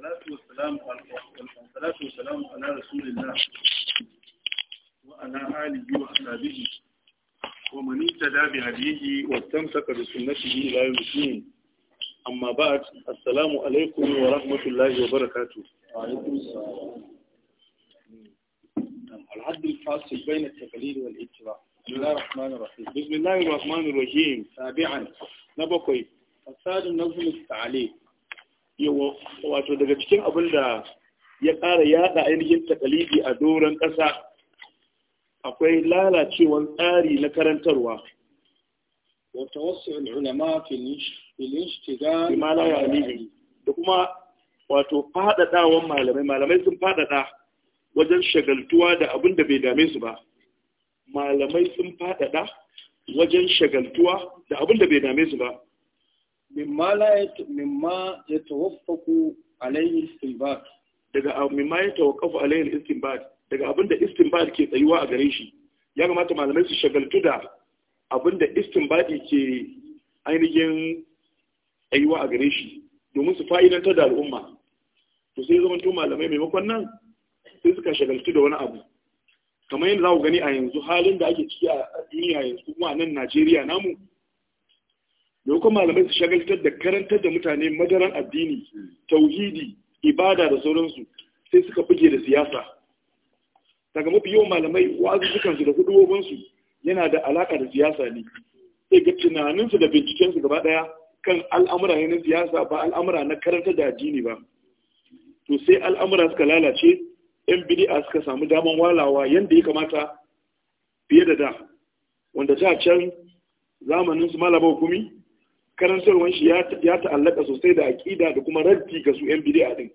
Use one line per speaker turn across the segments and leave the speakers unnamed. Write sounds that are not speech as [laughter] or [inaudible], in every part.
والصلاة والسلام على رسول الله وعلى آله وأصحابه ومن اهتدى بهديه واستمسك بسنته إلى يوم الدين أما بعد السلام عليكم ورحمة الله وبركاته وعليكم السلام العدل الفاصل بين التقليد والاتباع بسم الله الرحمن الرحيم بسم الله الرحمن الرحيم تابعا نبقي فساد النظم التعليق yawa wato daga cikin abin da ya ƙara yada ainihin takalidi a doron ƙasa akwai lalacewar tsari na karantarwa wata wasu ulama filishtiga ma la ya'lihi da kuma wato faɗaɗawan malamai malamai sun faɗaɗa wajen shagaltuwa da abin da bai dame su ba malamai sun faɗaɗa wajen shagaltuwa da abin da bai dame su ba mimma ya mimma yatawaffaku alayhi istinbat daga ah, mimma yatawaffaku daga abinda istinbat ke tsayuwa a gare shi ya kamata malamai su shagaltu da abinda istinbati ke ainihin tsayuwa a gare shi domin su fa'idantar da al'umma to sai zama to malamai maimakon nan sai suka shagaltu da wani abu kamar yadda za ku gani a yanzu halin da ake ciki a duniya yanzu kuma a nan Najeriya namu da kuma malamai su shagaltar da karantar da mutane madaran addini tauhidi ibada da sauransu sai suka buge da siyasa daga mafi yawan malamai wazuzukansu da hudubobinsu yana da alaka da siyasa ne sai ga tunaninsu da bincikensu gaba ɗaya kan al'amura ne na siyasa ba al'amura na karantar da addini ba to sai al'amura suka lalace yan bidi'a suka samu daman walawa yanda ya kamata fiye da da wanda ta can zamanin su malaba hukumi karantarwar shi ya ta'allaka sosai da aƙida da kuma raddi ga su yan bid'a din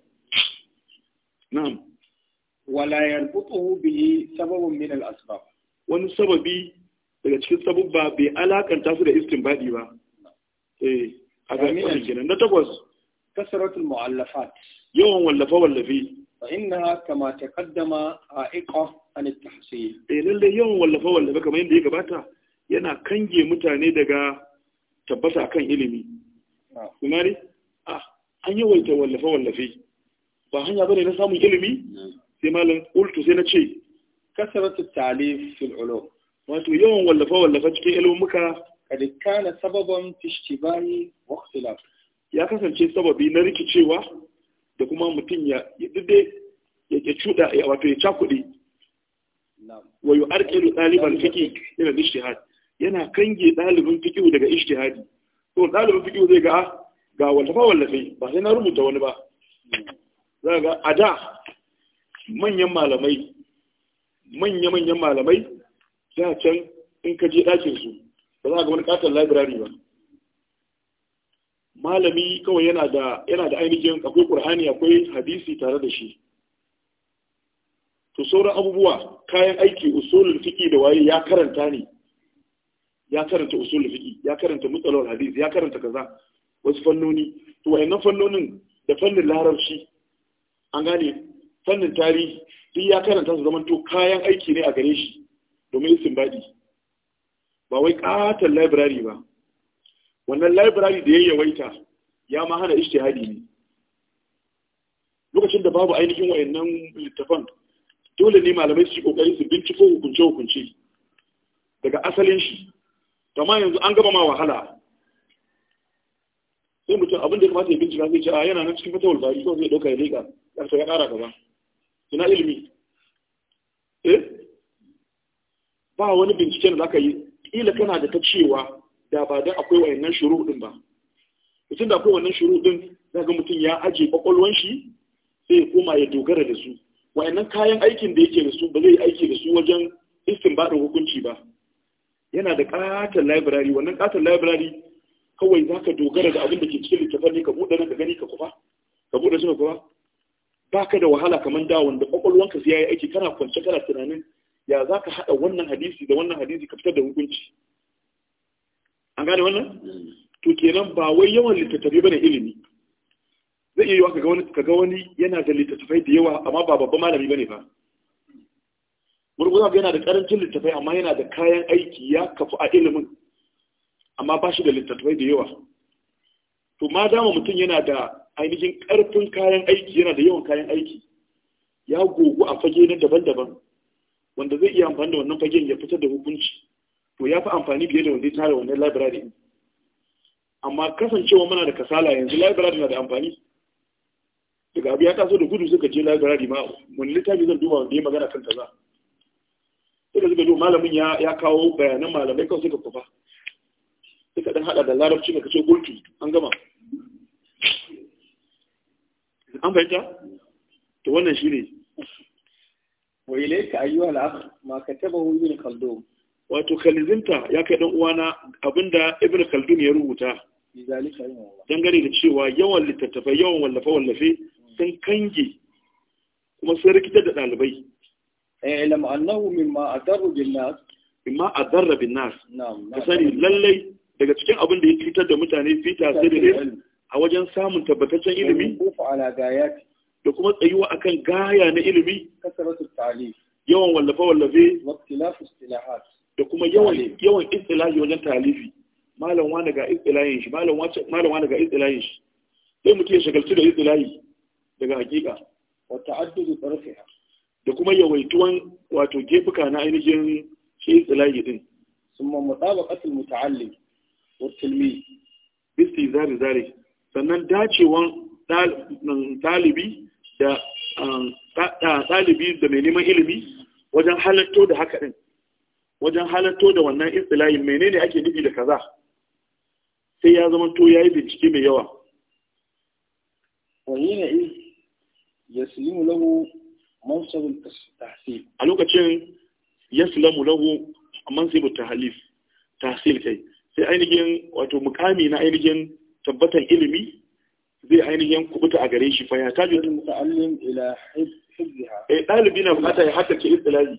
na'am wala yarbutuhu bihi sababun min al-asbab wani sababi daga cikin sababba bai alakanta su da istinbadi ba eh
a ga kenan na
takwas kasratul mu'allafat yawan wallafe wallafe فإنها كما تقدم عائقة عن التحصيل eh lalle yawan wallafa wallafa kamar yadda ya gabata yana kange mutane daga tabbata kan ilimi kun gane ah an yawaita wallafe wallafe ba hanya bane na samun ilimi sai malam ultu sai na ce kasaratu talif fil ulum wato yawan wallafe wallafe cikin muka kada kana sababan fi ishtibahi wa ya kasance sababi na rikicewa da kuma mutum ya dide ya ke chuda wato ya cakuɗe wa yu'arqilu ɗaliban fiqi ila al-ijtihad yana kange ɗalibin fikihu daga ishtihadi to ɗalibin fikihu zai ga ga wallafa wallafe ba sai na rubuta wani ba za ga a da manyan malamai manya manyan malamai da can in ka je ɗakin su ba za ga wani katon library ba malami kawai yana da yana da ainihin akwai qur'ani akwai hadisi tare da shi to sauran abubuwa kayan aiki usulul fiqi da waye ya karanta ne ya karanta usul fiqi ya karanta mutsalawar hadis ya karanta kaza wasu fannoni to wayannan fannonin da fannin larabci an gane fannin tarihi duk ya karanta su zaman to kayan aiki ne a gare shi domin istinbadi ba wai katon library ba wannan library da ya yawaita ya ma hana ishtihadi ne lokacin da babu ainihin wayannan littafan dole ne malamai su yi kokari su binciko hukunce hukunce daga asalin shi to ma yanzu an gaba ma wahala sai mutum abin da ya kamata ya bincika zai ce a ah, yana nan cikin fata bari ko zai dauka ya leka ƙarfe ya ƙara gaba ina ilimi eh ba wani binciken da zaka yi Ila kana da ta cewa da ba dan akwai wayannan shuru din ba mutum da akwai wannan shuru din zaka mutum ya aje kwakwalwan shi sai ya koma ya dogara da su wayannan kayan aikin da yake da su ba zai aiki da su wajen istinbadin hukunci ba yana da katon library wannan katon library kawai za ka dogara da abin da ke cikin littafin ne ka buɗe nan ka gani ka kufa ka buɗe su ka kufa ba ka da wahala kamar da wanda ƙwaƙwalwanka sai ya yi aiki kana kwance kana tunanin ya za ka haɗa wannan hadisi da wannan hadisi ka fitar da hukunci an gane wannan to kenan ba wai yawan littattafai bane ilimi zai iya yiwa ka ga wani yana da littattafai da yawa amma ba babban malami bane ba gurgurzan yana da karancin littattafai amma yana da kayan aiki ya kafu a ilimin amma ba shi da littattafai da yawa to ma dama mutum yana da ainihin karfin kayan aiki yana da yawan kayan aiki ya gogu a fage na daban-daban wanda zai iya amfani da wannan fagen ya fitar da hukunci to ya fi amfani fiye da wanda ya tara wannan library amma kasancewa muna da kasala yanzu library na da amfani daga abu ya taso da gudu suka je library ma wani littafi zan duba wanda ya magana kan kaza suka suka zo malamin ya kawo bayanan malamai kawai suka kufa suka ɗan haɗa da larabci mai kace gulki an gama an fahimta to wannan shi ne. wa ka ayyuha al-akh ma katabahu ibn khaldun wato kalizinta ya kai dan uwana abinda ibn khaldun ya rubuta gani da cewa yawan littattafai yawan wallafe wallafe sun kange kuma sun rikitar da ɗalibai ilam annahu mimma adarru bin nas mimma adarra bin nas ka sani lallai daga cikin abin da ya cutar da mutane fi tasirin a wajen samun tabbataccen ilimi da kuma tsayuwa akan gaya na ilimi yawan wallafe-wallafe da kuma yawan yawan istilahi wajen talifi malam wani ga istilahin shi malam wani ga istilahin shi sai mutum ya shagaltu da istilahi daga hakika wata addudu tsarfiya da kuma yawaituwan wato gefuka na ainihin shi tsilahi din summa mutabaqatul muta'allim wa tilmi bisti zare-zare. sannan dacewan ɗalibi da ɗalibi um, da mai neman ilimi wajen halatto da haka ɗin wajen halatto da wannan ne menene ake nufi da kaza sai ya zama to ya yi bincike mai yawa wani ne ya sulimu lahu mansabul tahsil a lokacin ya yaslamu lahu mansabul tahlif tahsil kai sai ainihin wato mukami na ainihin tabbatar ilimi zai ainihin kubuta a gare shi fa ya tajo muta'allim ila hibziha eh dalibi na fata ya haddace istilahi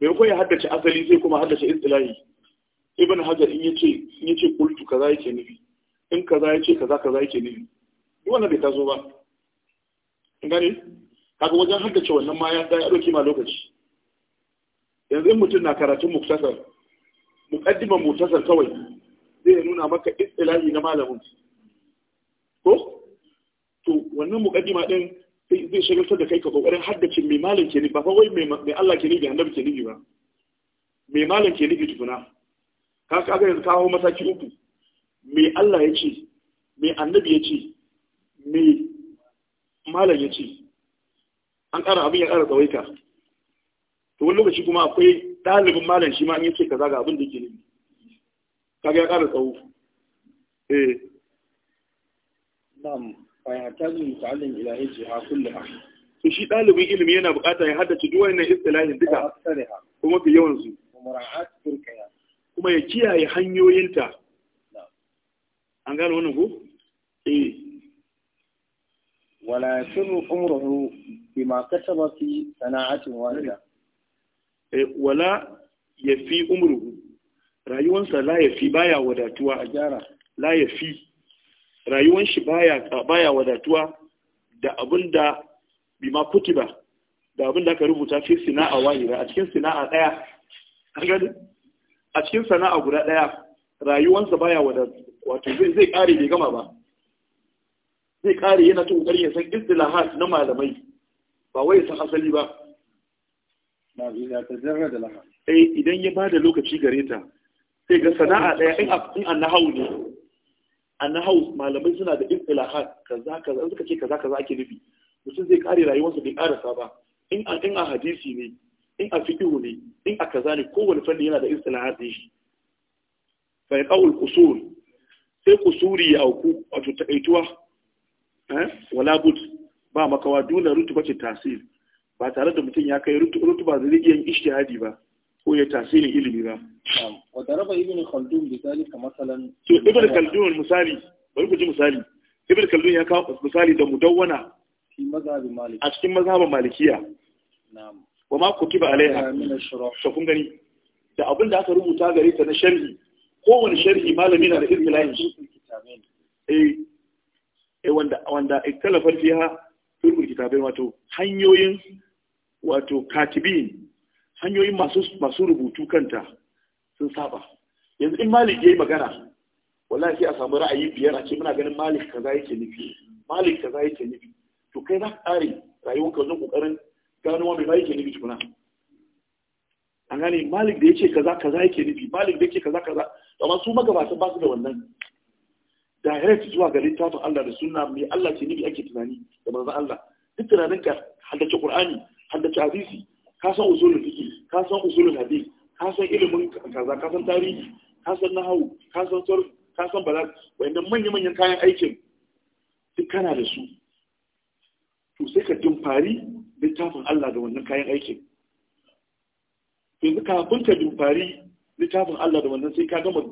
bai ko ya haddace asali zai kuma haddace istilahi ibn hajar in yace in yace kultu kaza yake nufi in kaza yace kaza kaza yake nufi duk wannan bai tazo ba in gane kaga wajen haddace wannan ma ya ɗauki ma lokaci yanzu in mutum na karatun muktasar muƙaddiman muktasar kawai zai nuna maka istilahi na malamin ko to wannan muƙaddima din zai shagaltar da kai ka kokarin haddace mai malam ke ba fa wai mai Allah ke nufi annabi ke nufi ba mai malam ke nufi tukuna ka kaga yanzu kawo mataki uku mai Allah ya ce mai annabi ya ce mai malam ya ce an ƙara abin ya ƙara tsawaita to wani lokaci kuma akwai ɗalibin malam shi ma in yake kaza ga abin da ke nufi kaga ya ƙara tsawo eh na'am fa ya tazi muta'allim ila hijha kullaha to shi ɗalibin ilimi yana buƙata ya haddace duk wannan istilahin duka kuma fi yawan su kuma ya kiyaye hanyoyinta an gane wannan ko eh wala yashru umruhu bima kataba في sana'atin wahida ولا wala yafi رايون rayuwansa يفي بايا وداتوا wadatuwa a يفي رايون yafi بايا shi baya wadatuwa da abinda bima ba, da da aka rubuta fi sana'a wahida a cikin sana'a daya a cikin sana'a guda daya rayuwansa baya wadatu, wato zai kare bai gama ba zai kare yana ta kokari ya san istilahat na malamai ba wai san asali ba na idan ta jarra da laha eh idan ya bada lokaci gare ta sai ga sana'a daya in an nahawu ne an nahawu malamai suna da istilahat kaza kaza suka ce kaza kaza ake nufi mutum zai kare rayuwarsa bai karasa ba in a in a hadisi ne in a fiqhu ne in a kaza ne kowane fanni yana da istilahat shi fa yaqul qusur sai kusuri ya auku wato takaituwa Eh? wala bud ba makawa dole rutuba ce tasir ba tare da mutum ya kai rutuba da zai iya yin ijtihadi ba ko ya tasirin ilimi ba wa daraba ibn khaldun bi zalika masalan to ibn khaldun misali bari ku ji misali ibn khaldun ya kawo misali da mudawwana a cikin mazhabin malikiya wa ma kutiba alaiha to kun gani da abin da aka rubuta gare ta na sharhi kowane sharhi malami na da irin layin eh Eh, wanda wanda iktalafar fiha turkul kitabai wato hanyoyin wato katibin hanyoyin masu masu rubutu kanta sun saba yanzu in malik yayi magana wallahi sai a samu ra'ayi biyar a ce muna ganin malik kaza yake nufi malik kaza yake nufi to kai za ka tsare ka wajen kokarin gano wani ba yake nufi tukuna an gane malik da ya ce kaza kaza yake nufi malik da ya ce kaza kaza amma su magabatan ba su da wannan direct zuwa ga littafin Allah da sunna mai Allah ce nufi ake tunani da manzo Allah duk tunanin ka haddace Qur'ani haddace hadisi ka san usulul fiqh ka san usulul hadith ka san ilimin kaza ka san tarihi ka san nahawu ka san sarf ka san balad wayannan manyan manyan kayan aikin duk kana da su to sai ka dumfari littafin Allah da wannan kayan aikin yanzu kafin ka dumfari littafin Allah da wannan sai ka gama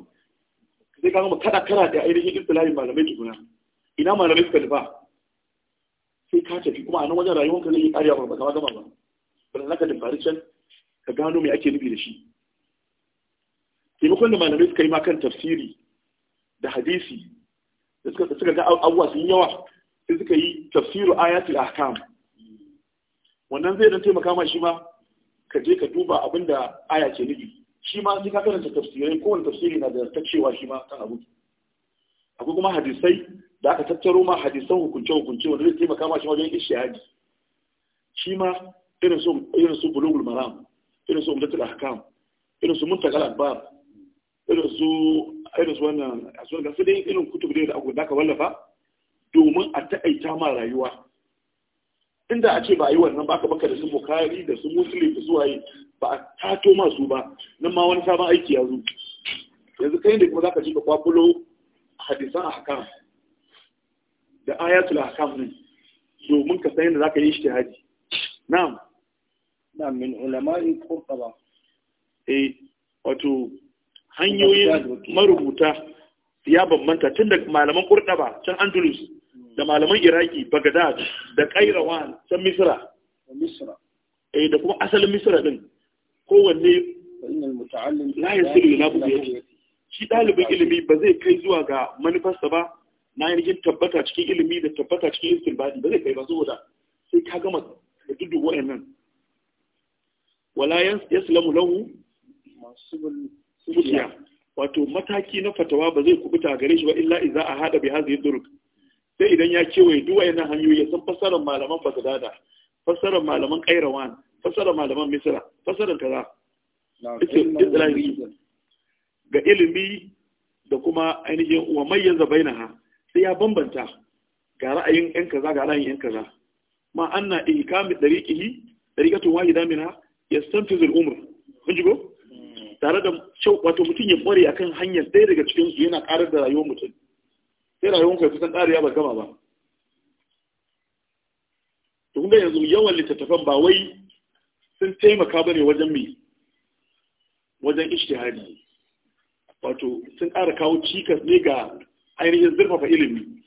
sai ka mu kada kana da ainihin istilahin malamai guna ina malamai suka ba? sai ka tafi kuma a nan wajen rayuwar ka zai yi kariya ba kama gama ba bala naka da can ka gano me ake nufi da shi taimakon da malamai suka yi ma kan tafsiri da hadisi da suka ga abubuwa sun yawa sai suka yi tafsiru ayatul ahkam wannan zai dan taimaka ma shi ma ka je ka duba abin da aya ke nufi shi ma sai ka karanta tafsirai kowane tafsiri na da ta cewa shi ma kan abu akwai kuma hadisai da aka tattaro ma hadisan hukunce hukunce wanda zai taimaka ma shi wajen ishihadi shi ma irin su irin su bulugul maram irin su umdatul ahkam irin su muntakal akbar irin su irin su wannan a su dai irin kutub da aka wallafa domin a ta'aita ma rayuwa inda a ce ba a yi wannan ba ka baka da su bukari da su musulun da su waye ba a tato masu ba nan ma wani sabon aiki ya zo yanzu kai da kuma za ka ji ka kwakulo hadisan ahkam da ayatul ahkam ne domin ka san yadda za ka yi ijtihadi na'am na min ulama ulama'i ba, eh wato hanyoyin marubuta ya bambanta tun da malaman ba can andalus da malaman iraki bagdad da kairawan san misra eh da kuma asalin misra din kowanne la yasiru ila bugiyati shi dalibin ilimi ba zai kai zuwa ga manifesta ba na yankin tabbata cikin ilimi da tabbata cikin istinbadi ba zai kai ba saboda sai ka gama da dudu wayannan wala yaslamu lahu futiya wato mataki na fatawa ba zai kubuta gare shi ba illa idza ahada bi hadhihi duruk sai idan ya kewaye duwa wayannan hanyoyi ya san fassarar malaman Bagdada fassarar malaman Kairawan, fassarar malaman Misra fassarar kaza ga ilimi da kuma ainihin wa na ha sai ya bambanta ga ra'ayin yan kaza ga ra'ayin yan kaza ma dari ihkami dariqihi dariqatun wahida minha ya san umr kun ji go hmm. tare da wato mutum ya kware akan hanyar ɗaya daga cikin su yana ƙarar da rayuwar mutum sai rayuwar ka kusan ƙariya ba gama ba to kun yanzu yawan littattafan ba wai sun taimaka ba ne wajen me wajen hari. wato sun ƙara kawo cikas ne ga ainihin zurfafa ilimi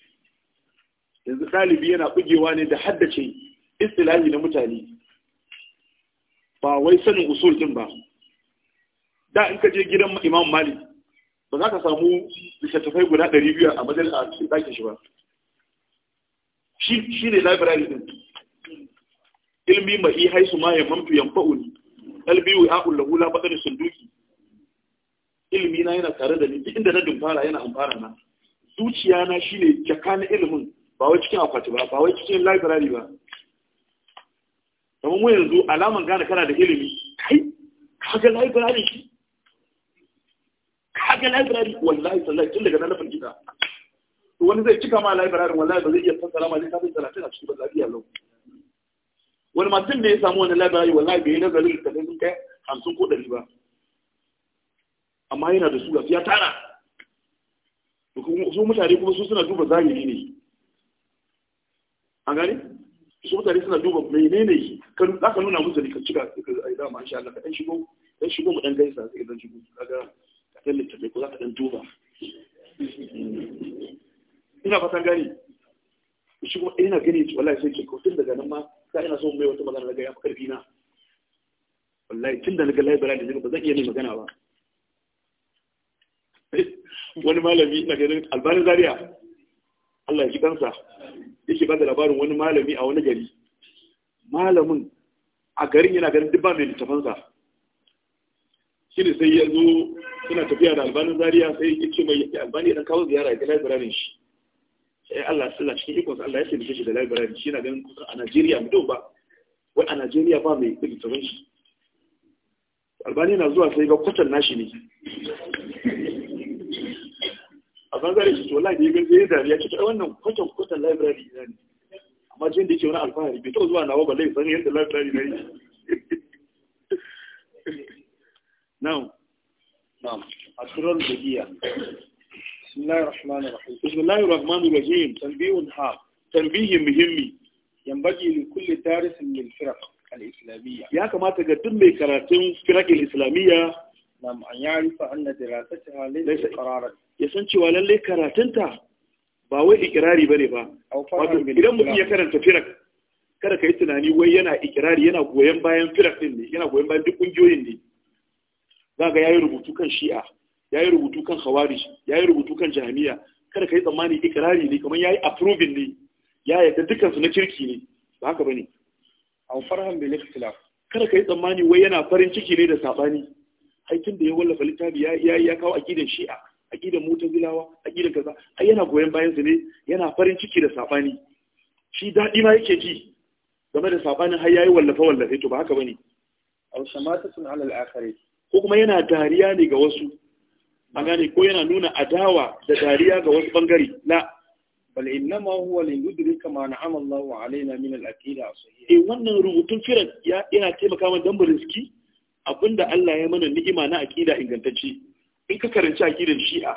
yanzu ɗalibi yana bugewa ne da haddace istilahi na mutane ba wai sanin usul din ba da in ka je gidan imam malik ba za ka samu littattafai guda ɗari biyu a majalis a cikin ɗakin shi ba shi ne library din ilmi ma'i haisu ma ya mamtu yan ne, ɗalbi wa ya ƙulla hula baƙar sunduki ilmi na yana tare da ni inda na dumfara yana amfana na zuciya na shi ne jaka na ilimin ba wai cikin akwati ba ba wai cikin library ba kamar mu yanzu alaman gane kana da ilimi kai kaga library shi ka library wallahi sallahi tun daga nan gida wani zai cika ma library wallahi ba zai iya fassara ma zai kafin talatin a cikin lafiya lau wani mutum da ya samu wani library wallahi bai yi nazarin da sun kai hamsin ko ɗari ba amma yana da su ga ya tara su mutane kuma su suna duba zahiri ne an gani su mutane suna duba menene kan za ka nuna musu ne ka cika a yi ma insha Allah ka ɗan shigo ɗan shigo mu ɗan gaisa sai ɗan shigo ka ga gani? shi kuma ina gani ce wallahi sai ke ko tun daga nan ma sai ina so mai wata magana daga yafi karfi na wallahi tun da na ga laibara da ba zan iya mai magana ba [laughs] wani malami na ganin albanin zaria Allah ya ji kansa yake ba da labarin wani malami a wani gari malamin a garin yana ganin duk ba mai littafansa shi ne sai ya zo suna tafiya da albanin zaria sai ya ce mai albani dan kawo ziyara ya ga library shi sai eh, Allah sallah cikin ikonsa Allah ya taimake shi da library shi na ganin kusa a Najeriya mutum ba wai a Najeriya ba mai littafin shi albani na zuwa sai ga kwatan nashi ne a bangare shi to lai da ya gaza ya dariya ce ta wannan kwatan kwatan library na ne amma jin da yake wani alfahari bai taɓa zuwa nawa ba lai san yadda library na yi [laughs] na'am a asirar da giya بسم الله الرحمن الرحيم بسم الله الرحمن الرحيم تنبيه هام تنبيه مهمي ينبغي لكل دارس من الفرق الإسلامية يا كما تقدم لي كراتين فرق الإسلامية نعم أن يعرف أن دراستها ليس إقرارا يسنشي ولا لي كراتنتا ba wai ikirari ba ne ba wato idan mutum ya karanta firak kada ka yi tunani wai yana ikirari yana goyon bayan firak din ne yana goyon bayan duk kungiyoyin ne za ga yayi rubutu kan shi'a ya yi rubutu kan khawarij ya yi rubutu kan jami'a kada ka yi tsammani ikirari ne kamar ya yi approving ne ya dukkan dukansu na kirki ne ba haka ba ne an farhan bil ikhtilaf kada ka yi tsammani wai yana farin ciki ne da sabani haikin da ya wallafa littafi ya ya kawo aqidan shi'a aqidan mutazilawa aqidan kaza ai yana goyen bayan su ne yana farin ciki da sabani shi dadi ma yake ji game da sabanin har yayi wallafa wallafe to ba haka bane aw samatatun ala al-akhari ko kuma yana dariya ne ga wasu an gane ko yana nuna adawa da dariya ga wasu bangare la bal innama huwa li yudrika ma na'ama Allahu alaina min al-aqida sahiha eh wannan rubutun firan ya yana taimaka mana dan riski abinda Allah ya mana ni'ima na aqida ingantacce in ka karanci akidar Shi'a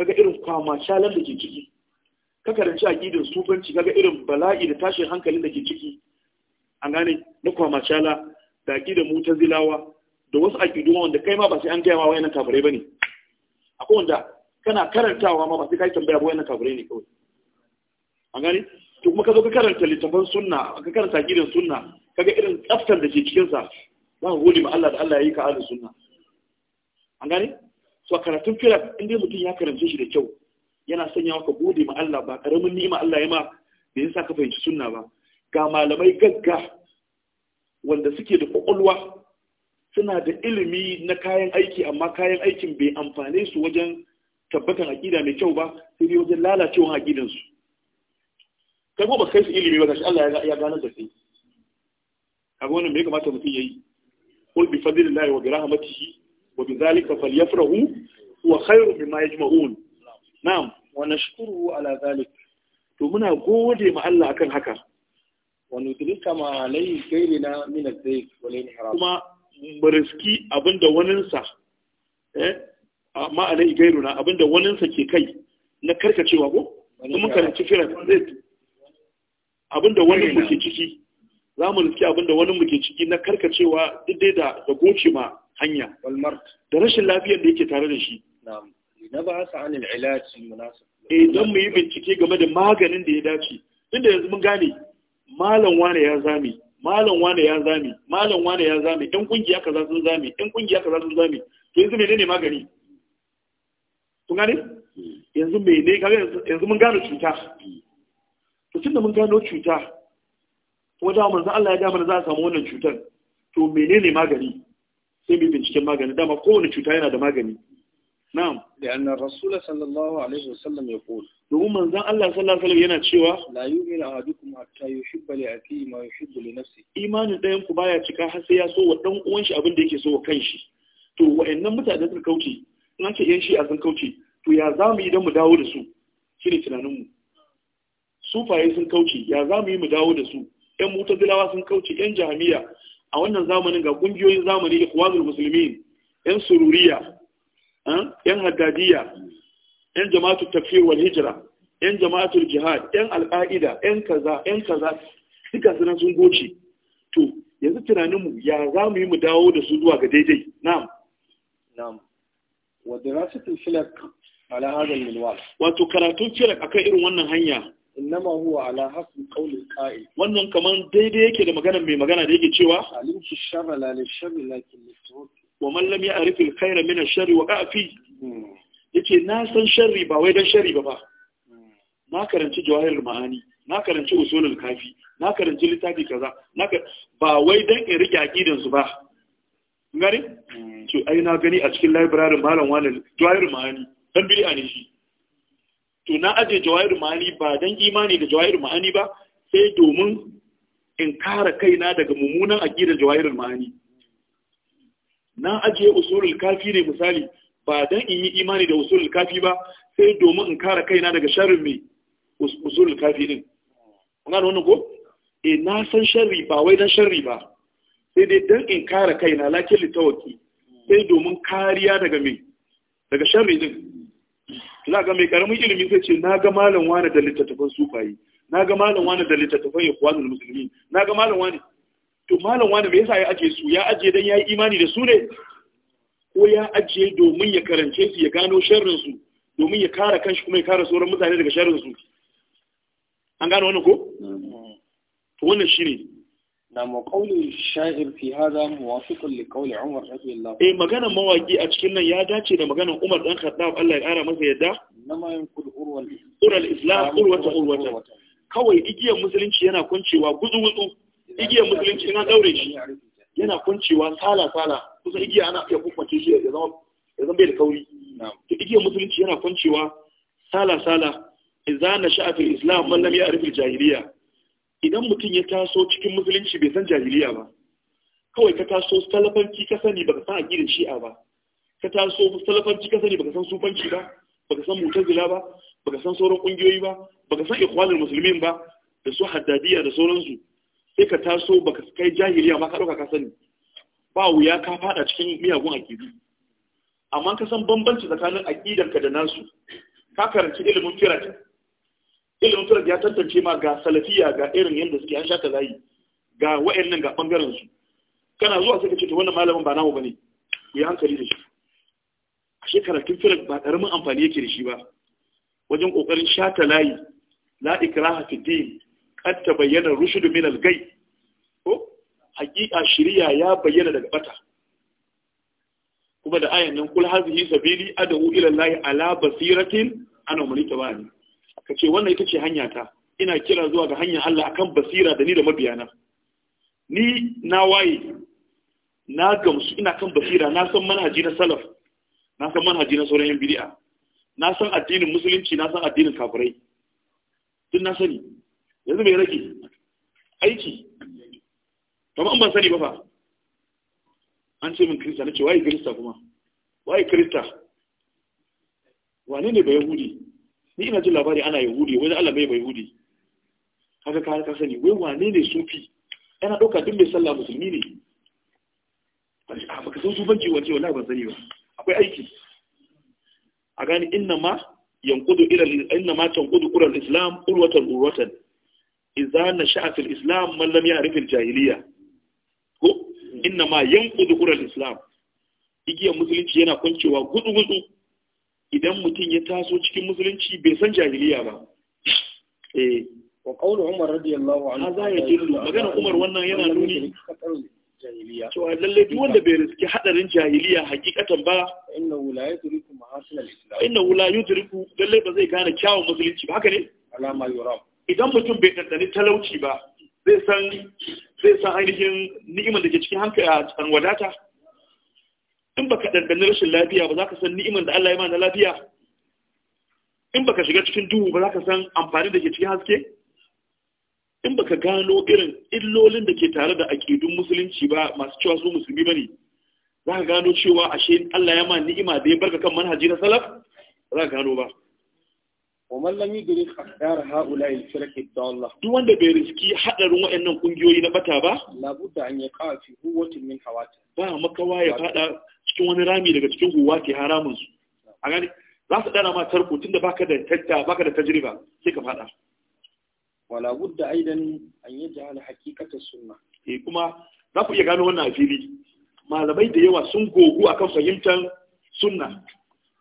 kaga irin kwama shalar da ke ciki ka karanci aqidan sufanci kaga irin bala'i da tashin hankalin da ke ciki an gane na kwama shala da aqidan mutazilawa da wasu aqidu wanda kai ma ba sai an gaya ma wayannan kafirai bane akwai wanda kana karantawa ma ba sai yi tambaya ba wannan kafirai ne kawai an gani to kuma ka zo ka karanta littafan sunna ka karanta gidan sunna kaga irin tsaftar da ke cikin sa za ka gode ma Allah da Allah ya yi ka alin sunna an gani so karatun fira inda mutum ya karance shi da kyau yana sanya maka gode ma Allah ba karamin ni'ima Allah ya ma da sa ka fahimci sunna ba ga malamai gagga wanda suke da kwakwalwa suna da ilimi na kayan aiki amma kayan aikin bai amfane su wajen tabbatar aƙida mai kyau ba sai dai wajen lalacewan aƙidansu kai ba kai su ilimi ba gashi Allah ya gane da kai kaga wannan bai kamata mutum yi kul bi fadlillahi wa bi rahmatihi wa bi zalika falyafrahu wa khayrun mimma yajma'un na'am wa nashkuru ala zalik to muna gode ma Allah akan haka wa nutilika ma alayhi ghayrina min adh-dhayf wal inhiraf kuma riski abinda waninsa eh, amma a lai gairuna abinda waninsa ke kai na karkacewa ko mun karanci firar zai abinda wani mu ke ciki za mu riski abinda wani mu ke ciki na karkacewa daidai da da goce ma hanya da rashin lafiyar da yake tare da shi na ba sa an ilaji munasib eh don mu yi bincike game da maganin da ya dace inda yanzu mun gane malam wani ya zame malam wane ya zame malam wane ya zame ɗan ƙungiya kaza sun zame ɗan ƙungiya kaza sun zame to yanzu mene ne magani kun gane hmm. yanzu ne kaga yanzu mun gano cuta to tunda mun gano cuta kuma da san Allah ya gama mana za a samu wannan cutar to menene magani sai mu binciken magani dama kowane cuta yana da magani na'am da الرسول صلى sallallahu alaihi وسلم ya qul domin manzon Allah صلى الله عليه yana cewa la لا يؤمن hatta حتى يحب akhihi ما يحب لنفسه nafsihi imanin ɗayan ku baya cika har sai ya so wa dan uwan abin da yake so wa kanshi to wayannan mutane sun kauce in ce yan shi a sun kauce to ya za mu yi don mu dawo da su sufaye sun kauce ya mu yi mu dawo da su mutazilawa sun kauce yan jami'a, a wannan zamanin ga kungiyoyin zamani ikwazul muslimin yan sururiya yan haddadiya yan jama'atu tafiyar wal hijira yan jama'atul jihad yan al'a'ida yan kaza yan kaza duka su sun goce to yanzu tunaninmu ya za mu yi mu dawo da su zuwa ga daidai na'am na'am wa dirasatul filak ala hadha al-minwal wato karatun filak akan irin wannan hanya innama huwa ala hasbi qawli al-qa'il wannan kamar daidai yake da magana mai magana da yake cewa alimtu sharra la li sharri lakin wa man lam ya'rif al-khayra min ash-sharri wa ce na san sharri ba wai dan sharri ba ba na karanci jawahirul ma'ani na karanci usulul kafi na karanci littafi kaza na ba wai dan in rike aqidan su ba ngari hmm. to ai na gani a cikin library malam wani jawahirul ma'ani dan bid'a ne shi to na aje jawahirul ma'ani ba dan imani da jawahirul ma'ani ba sai domin in kara kaina daga mummunan aqidar jawahirul ma'ani na ajiye usulul kafi ne misali ba dan in yi imani da usulul kafi ba sai domin in kare kaina daga sharrin mai usulul kafi din kun da wannan ko eh na san sharri ba wai dan sharri ba sai dai dan in kare kaina lakin litawaki sai domin kariya daga mai daga sharri din za ga mai karamin ilimi sai ce na ga malam wani da littattafan sufayi na ga malam wani da littattafan ikhwanul muslimin na ga malam wani to malam wani me yasa ya aje su ya aje dan yayi imani da su ne ko ya aje domin ya karance su ya gano sharrin su domin ya kare kanshi kuma ya kare sauran mutane daga sharrin su an gano wannan ko to wannan shine na maqawli sha'ir fi hada muwafiq li qawli Umar radiyallahu anhu eh magana mawaki a cikin nan ya dace da maganar Umar dan Khattab Allah ya kara masa yadda ma yankul urwal urwal islam urwata urwata kawai igiyar musulunci yana kuncewa guzu guzu igiyar musulunci na daure shi yana kuncewa sala-sala kusan igiya ana iya kukwace shi ya zama bai da kauri ta igiyar musulunci yana kuncewa sala-sala za na sha'afin islam man ya rufe jahiliya idan mutum ya taso cikin musulunci bai san jahiliya ba kawai ka taso salafanci ka sani baka san aqidar shi'a ba ka taso salafanci ka sani baka san sufanci ba baka san mutazila ba baka san sauran kungiyoyi ba baka san ikhwanul muslimin ba da su haddadiya da sauransu sai ka taso baka kai jahiliya ma ka dauka ka sani ba wuya ka fada cikin miyagun akidu amma ka san bambanci tsakanin ka da nasu ka karanci ilimin firat ilimin firat ya tantance ma ga salafiya ga irin yadda suke an shaka layi ga wa'annan ga bangaren su kana zuwa sai ka ce to wannan malamin ba namu bane ku yi hankali da shi ashe karatun firat ba karamin amfani yake da shi ba wajen kokarin shata layi la ikraha fi din kad ta bayyana rushdu min al-gay ko haqiqa shiriya ya bayyana daga bata kuma da ayan nan kul hazihi sabili ad'u ila allahi ala basiratin ana mulita bani kace wannan ita ce hanya ta ina kira zuwa ga hanyar Allah akan basira da ni da mabiyana ni na waye na gamsu ina kan basira na san manhaji na salaf na san manhaji na sauran yan bid'a na san addinin musulunci na san addinin kafirai Tun na sani yanzu mai rage aiki kuma an ban sani ba fa an ce min krista na ce waye krista kuma waye krista wane ne ba yahudi ni ina jin labari ana yahudi wani allah mai yahudi haka ka ka sani wai wane ne sufi yana ɗauka duk mai sallah musulmi ne a baka san banki wace wala ban sani ba akwai aiki a gani inna ma yankudu ilal inna ma tankudu kuran islam urwatan urwatan idza na sha'afin islam man lam rufin jahiliya ko inna ma yanqudu qural islam igiyar musulunci yana kwancewa gudu-gudu idan mutum ya taso cikin musulunci bai san jahiliya ba eh wa qawlu umar radiyallahu anhu za ya jillu magana umar wannan yana nuni cewa lalle duk wanda bai riski hadarin jahiliya hakikatan ba inna la yudriku mahasin al-islam inna la yudriku lalle ba zai gane kyawun musulunci ba haka ne alama yuram idan mutum bai ɗanɗani talauci ba zai san zai san ainihin ni'imar da ke cikin hankali a wadata in baka ɗanɗani rashin lafiya ba za ka san ni'imar da Allah ya mana lafiya in baka shiga cikin duhu ba za ka san amfani da ke cikin haske in baka gano irin illolin da ke tare da aƙidun musulunci ba masu cewa su musulmi ba ne za ka gano cewa ashe Allah ya ma ni'ima da ya barka kan manhaji na salaf za ka gano ba ومن لم يدرك أخبار هؤلاء الفرق الضالة duk wanda bai riski hadarin wayannan kungiyoyi na bata ba labudda an yaqa fi huwatin min hawati ba makawa ya cikin wani rami daga cikin huwati haramun su a gani za su dana ma tarko tunda baka da baka da tajriba sai ka fada wala budda aidan an yaj'al haqiqata sunna eh kuma za ku iya gano wannan a fili malamai da yawa sun gogu akan fahimtar sunna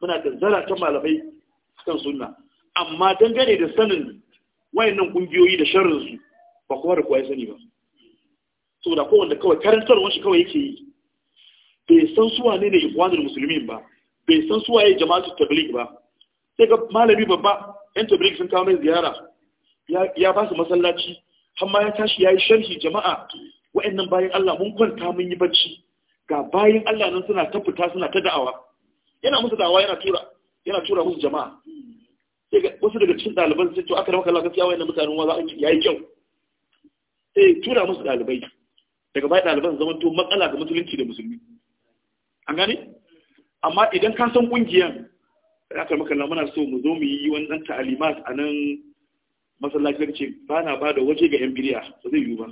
muna da ta malamai akan sunna amma dangane da sanin wayannan kungiyoyi da sharrinsu ba kowa da kowa ya sani ba da kowanne kawai karantar wanshi kawai yake yi bai san suwa ne ne ikwanin musulmin ba bai san suwa ya jama'atu tabirik ba sai ga malami babba yan tabirik sun kawo mai ziyara ya ba su masallaci amma ya tashi ya yi sharhi jama'a wa'annan bayan Allah mun kwanta mun yi bacci ga bayan Allah nan suna ta fita suna ta da'awa yana musu da'awa yana tura yana tura musu jama'a wasu daga cikin ɗaliban sai to aka rama kallon wa yana mutanen wa za a yi kyau sai tura musu ɗalibai daga baya ɗaliban zama to matsala ga musulunci da musulmi an gane amma idan ka san ƙungiyan da aka maka muna so mu zo mu yi wani ɗan ta'alimat a nan masallacin ce ba na ba da waje ga yan biriya ba zai yiwu ba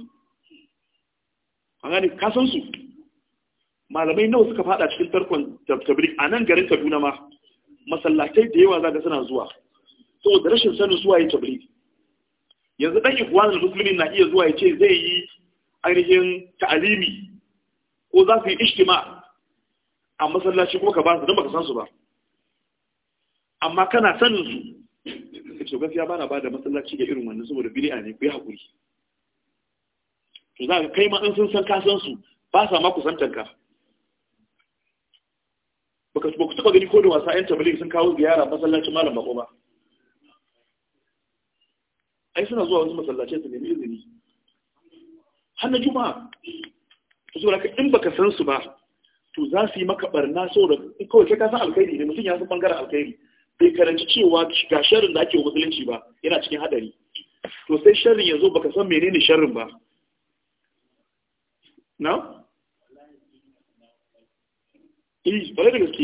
an gane ka san su malamai nawa suka fada cikin tarkon tabrik a nan garin kaduna ma masallatai da yawa za ka suna zuwa saboda rashin sanin zuwa ya tabligi yanzu dan na musulmi na iya zuwa ya ce zai yi ainihin ta'alimi ko za su yi ishtima a masallaci kuma ka ba su don baka san su ba amma kana sanin su kace gaskiya bana ba da masallaci ga irin wannan saboda bid'a ne ku yi hakuri to za ka kai ma in sun san ka san su ba sa ma kusantar ka baka ba ku taba gani ko da wasa yan tabligh sun kawo ziyara masallacin malam makoma? ba ai suna zuwa wasu masallace su nemi izini har na juma'a su zuwa in baka san su ba to za su yi maka barna saboda kawai kai ka san alkhairi ne mutum ya san bangaren alkhairi bai karanci cewa ga sharrin da ake wa musulunci ba yana cikin hadari to sai sharrin ya zo baka san menene sharrin ba na? Eh, bare da gaske.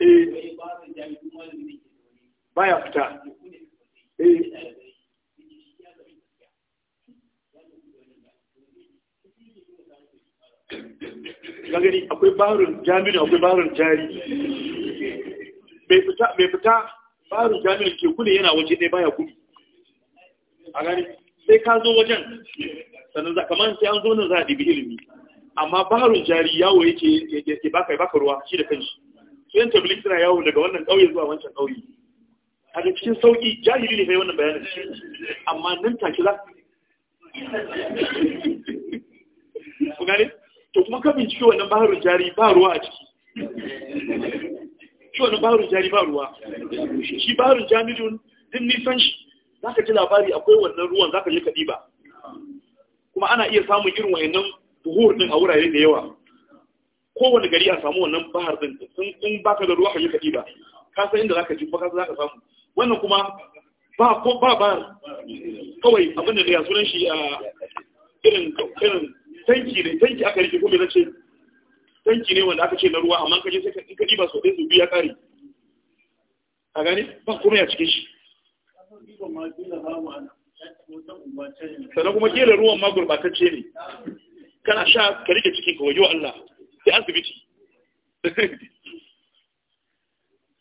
eh baya fita eh. gagari akwai barin jami'in akwai barin jari mai fita barin jami'in ke kudu yana waje ɗaya baya gudu a gani sai ka zo wajen sannan za kamar sai an zo nan za a ɗibi ilimi amma barin jari yawo yake ke baka baka ruwa shi da kanshi yan tablik suna yawo daga wannan ƙauye zuwa wancan ƙauye A ga cikin sauƙi jahili ne kai wannan bayanin amma nan take za ku gane to kuma ka binciki wannan baharul jari ba ruwa a ciki shi wannan baharul jari ba ruwa shi baharul jamidun din nisan shi za ka ji labari akwai wannan ruwan za ka je ka ɗiba kuma ana iya samun irin wayannan buhur ɗin a wurare da yawa kowane gari a samu wannan bahar din in baka da ruwa kaje kadi ba ka san inda zaka ji ba ka san zaka samu wannan kuma ba ko ba ba kawai abin da ya sunan shi a ah, irin irin tanki ne tanki aka rike ko me tanki ne wanda aka ce na ruwa amma je sai ka kadi ba so dai su biya kare a gani ba kuma ya cikin shi sannan kuma kila ruwan ma gurbatacce ne kana sha ka rike cikin ka wa Allah sai asibiti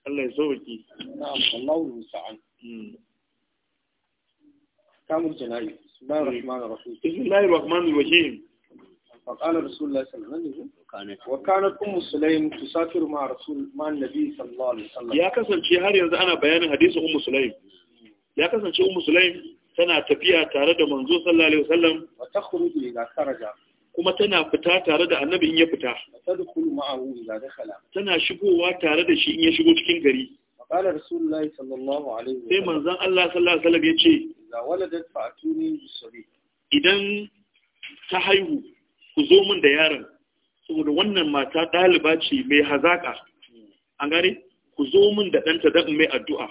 Allah ya sauki na'am janayi bismillahir rahmanir rahim فقال رسول الله صلى الله عليه وسلم وكانت ام سليم تسافر مع رسول مع النبي صلى الله عليه وسلم يا kasance har yanzu ana bayanin hadisin ummu sulaim ya kasance ummu sulaim tana tafiya tare da manzo sallallahu alaihi wasallam wa takhruju kharaja kuma tana fita tare da annabi in ya fita tana shigowa tare da shi in ya shigo cikin gari sallallahu alaihi sai manzan Allah sallallahu alaihi ya ce idan ta haihu ku zo min da yaron saboda wannan mata daliba ce mai hazaka an gane ku zo min da ɗanta don mai addu'a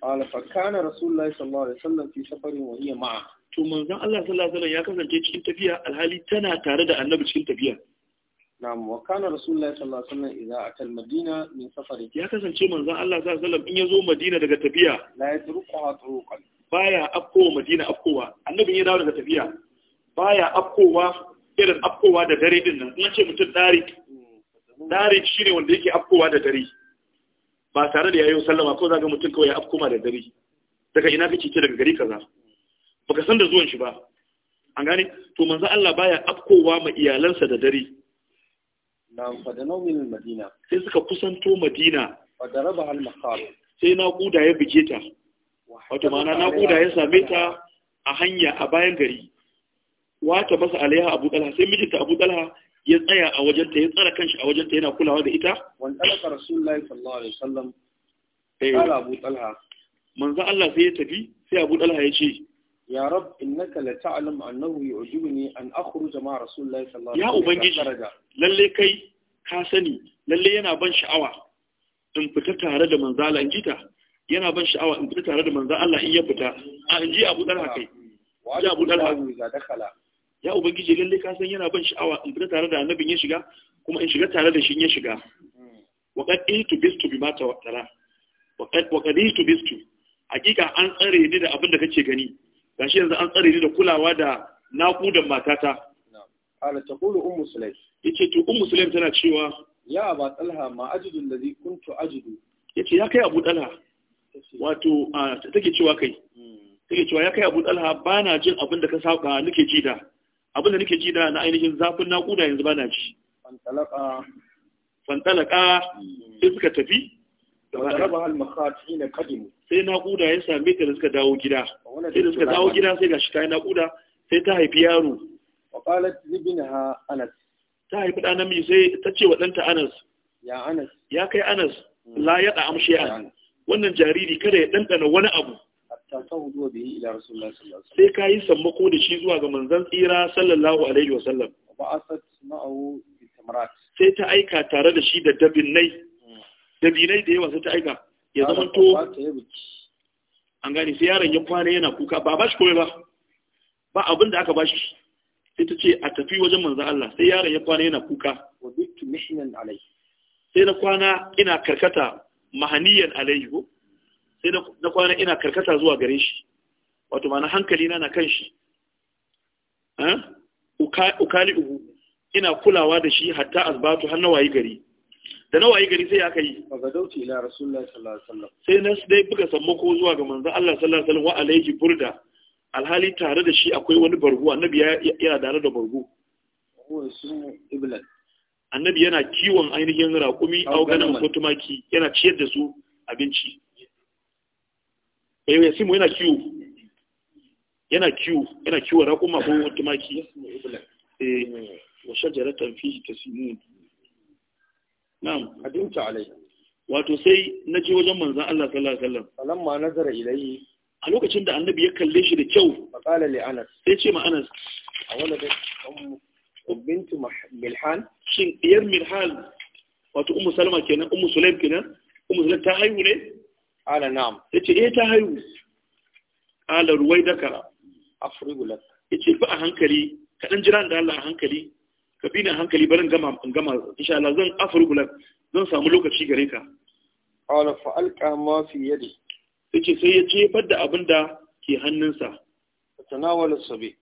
qala fa rasulullahi sallallahu alaihi wasallam fi safarin wa iya ma'a to manzon Allah sallallahu alaihi wasallam ya kasance cikin tafiya alhali tana tare da annabi cikin tafiya na'am wa kana rasulullahi sallallahu alaihi wasallam idza ata al-madina min safari ya kasance manzon Allah sallallahu alaihi wasallam in yazo madina daga tafiya la yadruquha turuqan baya afkowa madina afkowa annabi ya dawo daga tafiya baya afkowa irin afkowa da dare din nan kuma ce mutum dare shi shine wanda yake afkowa da dare ba tare da yayin sallama ko zaka mutum kawai ya afkoma da dare daga ina kake ce daga gari kaza baka san da zuwan shi ba an gane to manzo Allah baya afkowa ma iyalansa da dare nan fadano min madina sai suka kusanto madina daraba al maqam sai na kuda ya bige ta wato ma'ana na kuda ya same ta a hanya a bayan gari wata masa alaiha abu talha sai mijinta abu talha ya tsaya a wajenta ya tsara kanshi a wajenta yana kulawa da ita wan talaka rasulullahi sallallahu alaihi wasallam sai eh. abu talha manzo Allah sai ya tafi sai abu talha ya ce ya rab innaka la ta'lam annahu yu'jibuni an akhruja ma rasulullahi sallallahu alaihi wasallam ya ubangiji lalle kai ka sani lalle yana ban sha'awa in fita tare da manzo Allah in jita yana ban sha'awa in fita tare da manzo Allah in ya fita a in ji Abu Darha kai ya Abu Darha ya ubangiji lalle ka san yana ban sha'awa in fita tare da annabin ya shiga kuma in shiga tare da shi ya shiga hmm. wa qad to bistu bima tawtara wa qad wa qad to bistu hakika an tsare ni da abin da kake gani gashi yanzu an tsare ni da kulawa da naƙudan matata ala taqulu ummu sulaim yace to ummu sulaim tana cewa ya aba talha ma ajidu allazi kuntu ajidu yace ya kai abu talha wato take cewa kai hmm. take cewa ya kai abu talha bana jin abin da ka saba nake ji da abin da nake ji da na ainihin zafin naƙuda yanzu bana ji fantalaka fantalaka hmm. sai suka tafi Raba al-makhati na kadimu. Sai naƙuda ya same ta da suka dawo gida. Sai da suka dawo gida sai gashi ta yi naƙuda sai ta haifi yaro. Wa qalat libinha Anas. Ta haifi ɗan namiji sai ta ce wa ɗanta Anas. Ya Anas. Ya kai Anas. Mm. La ya da amshi an. Wannan jariri kada ya ɗanɗana wani abu. Hatta kan zuwa bihi ila Rasulullahi sallallahu alaihi Sai ka yi sammako da shi zuwa ga manzon tsira sallallahu alaihi wa sallam. Wa ba'asat ma'ahu bi tamrat. Sai ta aika tare da shi da dabin, nai. dabinai da yawa sai ta aika ya zama to an gane sai yaron ya kwana yana kuka ba ba shi kome ba ba abin da aka ba shi sai ta ce a tafi wajen manzan Allah sai yaron ya kwana yana kuka sai na kwana ina karkata mahaniyan alaihi sai na kwana ina karkata zuwa gare shi wato mana hankali na na kan shi ukali ina kulawa da shi hatta asbatu har na wayi gari da nawa yi gari sai aka yi daga dauce ila rasulullahi sallallahu alaihi wasallam sai nan dai buga sammako zuwa ga manzo Allah sallallahu alaihi wasallam wa alaihi burda alhali tare da shi akwai wani bargo annabi yana tare da bargu annabi yana kiwon ainihin raƙumi auganan ko tumaki yana ciyar da su abinci eh ya simu yana kiwo yana kiwo yana kiwo raƙuma ko tumaki eh wa shajaratan fihi tasimun na'am adimta alai wato sai na je wajen manzan Allah sallallahu alaihi ma alamma nazara ilayhi a lokacin da annabi ya kalle shi da kyau faqala li anas sai ce ma anas a wani ummu bintu milhan shin ɗiyar milhan wato ummu salma kenan ummu sulaim kenan ummu sulaim ta haihu ne ala na'am yace eh ta haihu ala ruwai ruwaidaka Ya ce fa a hankali Kaɗan jiran da Allah a hankali ka bi hankali barin gama in gama insha Allah zan afurgula zan samu lokaci gare ka qala fa alqa ma fi yadi yace sai ya jefar da abin da ke hannunsa tanawala sabi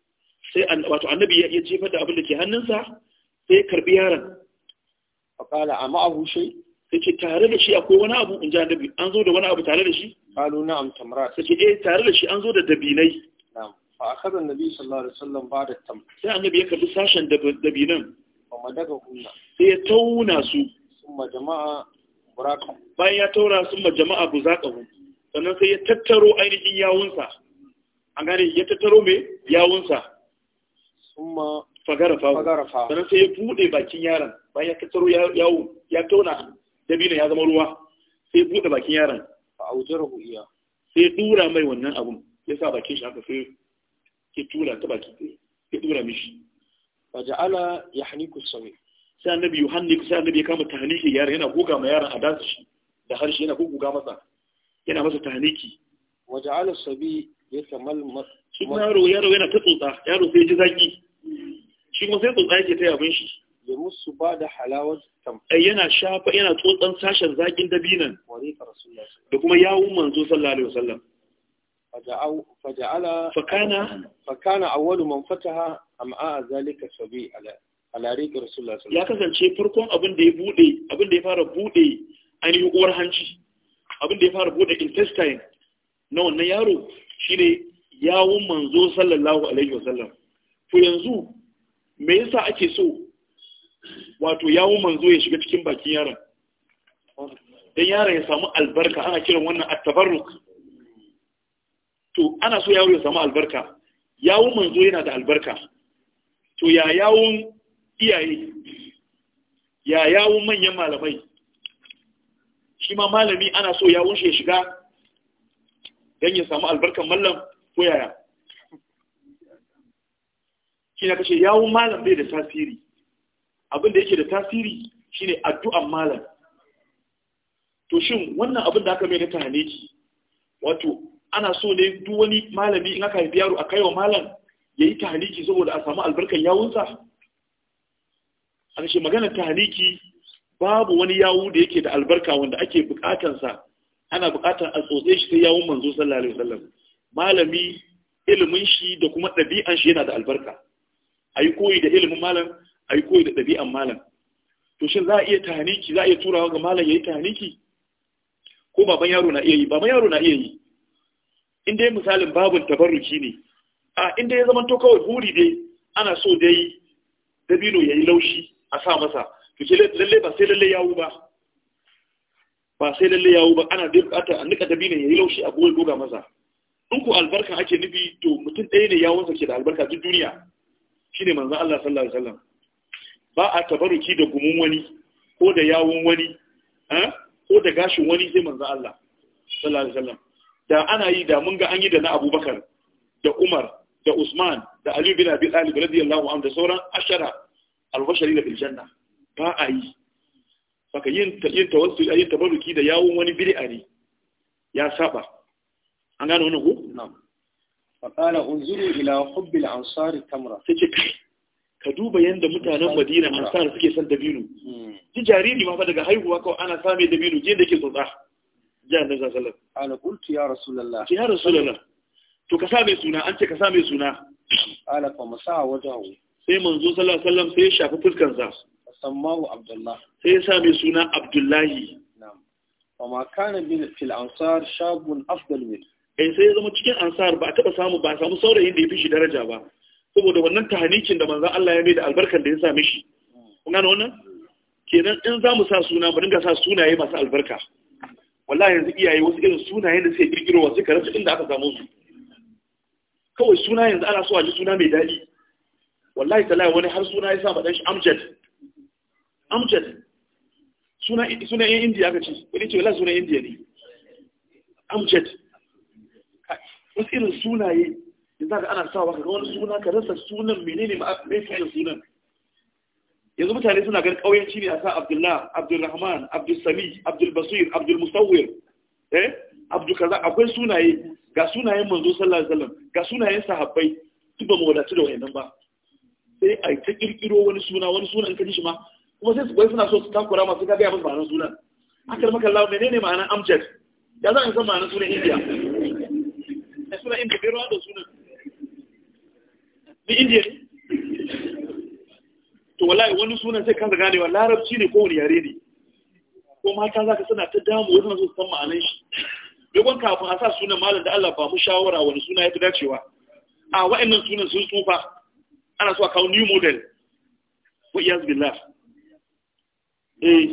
sai wato annabi ya jefar da abin da ke hannunsa sai karbi yaron fa qala amma abu shay ce tare da shi akwai wani abu in ji annabi an zo da wani abu tare da shi qalu na'am tamrat ce eh tare da shi an zo da dabinai na'am fa akhadha annabi sallallahu alaihi wasallam da tam sai annabi ya kafi sashen dabinan fa daga hunna sai ya tauna su summa jama'a buraqa bayan ya taura summa jama'a buzaqahu sannan sai ya tattaro ainihin yawunsa an gane ya tattaro me yawunsa summa fagarafa fagarafa sannan sai ya bude bakin yaron bayan ya tattaro yawo ya tauna dabinan ya zama ruwa sai ya bude bakin yaron fa aujarahu iya sai ya dura mai wannan abun ya sa bakin shi haka sai ya tura ta baki ya tura mishi fa ja'ala yahniku sawi sai annabi yuhannik sai annabi ya kama tahniki yaran yana goga ma yaron a dasa shi da harshe yana goga masa yana masa tahniki wa ja'ala sabi yatamalmas shi yaro yaro yana ta tsotsa yaro sai ji zaki shi kuma sai tsotsa yake ta yabin shi ya musu ba da halawar tamfai eh, yana shafa yana tsotsan sashen zakin dabinan da kuma yawun manzo sallallahu alaihi wasallam فجعل فكان فكان اول من فتح امعاء ذلك الصبي على على ريق رسول الله صلى الله عليه وسلم. يا كسان فركون ابن دي بودي ابن دي فار بودي أن يقور هنجي أبن دي فار بودي نو نيارو شيني yawun manzo sallallahu alaihi sallam. to yanzu me yasa ake so wato yawun manzo ya shiga cikin bakin yaron dan yaro ya samu albarka ana kiran wannan at-tabarruk to ana so yawo ya samu albarka yawun manzo yana da albarka to ya yawun iyaye ya yawun manyan malamai shi ma malami ana so yawun shi ya shiga don ya samu albarkan mallam ko yaya shi na kashe yawun malam bai da tasiri abinda yake da tasiri shine addu'an malam to shin wannan abin da aka mai na tahaneki wato ana so ne duk wani malami in aka haifi yaro a kai wa malam ya yi tahaliki saboda a samu albarkar yawunsa a kashe maganar tahaliki babu wani yawu da yake da albarka wanda ake bukatansa ana bukatar a tsotse shi sai yawun manzo sallallahu alaihi wasallam malami ilimin shi da kuma ɗabi'an shi yana da albarka a yi koyi da ilimin malam a yi koyi da ɗabi'an malam to shin za a iya tahaniki za a iya turawa ga malam ya yi tahaniki ko baban yaro na iya yi baban yaro na iya yi Inda ya misalin babin tabarruki ne a inda ya zama to kawai buri dai ana so dai dabino ya yi laushi a sa masa to ke lalle ba sai lalle yawo ba ba sai lalle yawo ba ana dai bukata a nika dabino ya yi laushi a buwai goga masa in ku albarka ake nufi to mutum ɗaya ne yawonsa ke da albarka duk duniya shine manzo Allah sallallahu alaihi wasallam ba a tabarruki da gumin wani ko da yawon wani eh, ko da gashin wani sai manzo Allah sallallahu alaihi wasallam da ana yi da mun ga an yi da na abubakar da umar da usman da Aliyu bin abi talib radiyallahu anhu da sauran ashara albashari da biljanna ba a yi saka yin yin tawassul ayi tabarruki da yawun wani bid'a ne ya saba an gano wannan ko na'am fa qala unzuru ila hubbil ansar tamra sai ka duba yadda mutanen madina ansar suke son dabino ji hmm. jariri ma ba daga haihuwa kawai ana same dabino je da ke tsotsa ji annabi sallallahu alaihi wasallam ala qultu ya rasulullah ya rasulullah to ka sa mai suna an ce ka sa mai suna ala fa masa wajahu sai manzo sallallahu alaihi wasallam sai ya shafi fuskar sa sammahu abdullah sai ya sa mai suna abdullahi na'am wa ma kana min fil ansar shabun afdal min eh sai ya zama cikin ansar ba a taba samu ba samu saurayin da ya fi shi daraja ba saboda wannan tahanikin da manzon Allah ya mai da albarkar da ya sa mishi hmm. kun gane wannan kenan in za mu sa suna mu dinga sa sunaye masu albarka wallahi yanzu iyaye wasu irin sunayen da suke kirkiro wasu ka rasa inda aka samu su kawai suna yanzu ana so a ji suna mai daɗi wallahi talaye wani har suna ya sa ma shi amjad amjad suna suna yan indiya aka ce wani ce wallahi suna indiya ne amjad wasu irin sunaye yanzu aka ana sawa ka ga wani suna ka rasa sunan menene mai fiye sunan yanzu mutane suna ganin ƙauyenci ne a sa abdullah abdulrahman abdulsami abdulbasir abdulmusawir eh Kaza. akwai sunaye ga sunayen manzo sallallahu alaihi wasallam ga sunayen sahabbai duk ba mu wadatu da wayannan ba sai a ta kirkiro wani suna wani sunan ka ji shi ma kuma sai su bai suna so su takura masu ka gaya musu ma'anar sunan akar maka Allah menene ma'anar amjad ya za a san ma'anar sunan indiya sunan indiya bai rawa da sunan ni indiya ne wallahi wani sunan sai kansa ganewa larabci ne ko wani yare ne ko mata zaka suna ta damu wani su san ma'anar shi dogon kafin a sa sunan malam da Allah ba mu shawara wani suna ya fi dacewa a wa'annan sunan sun tsufa ana so a kawo new model wa iyaz billah eh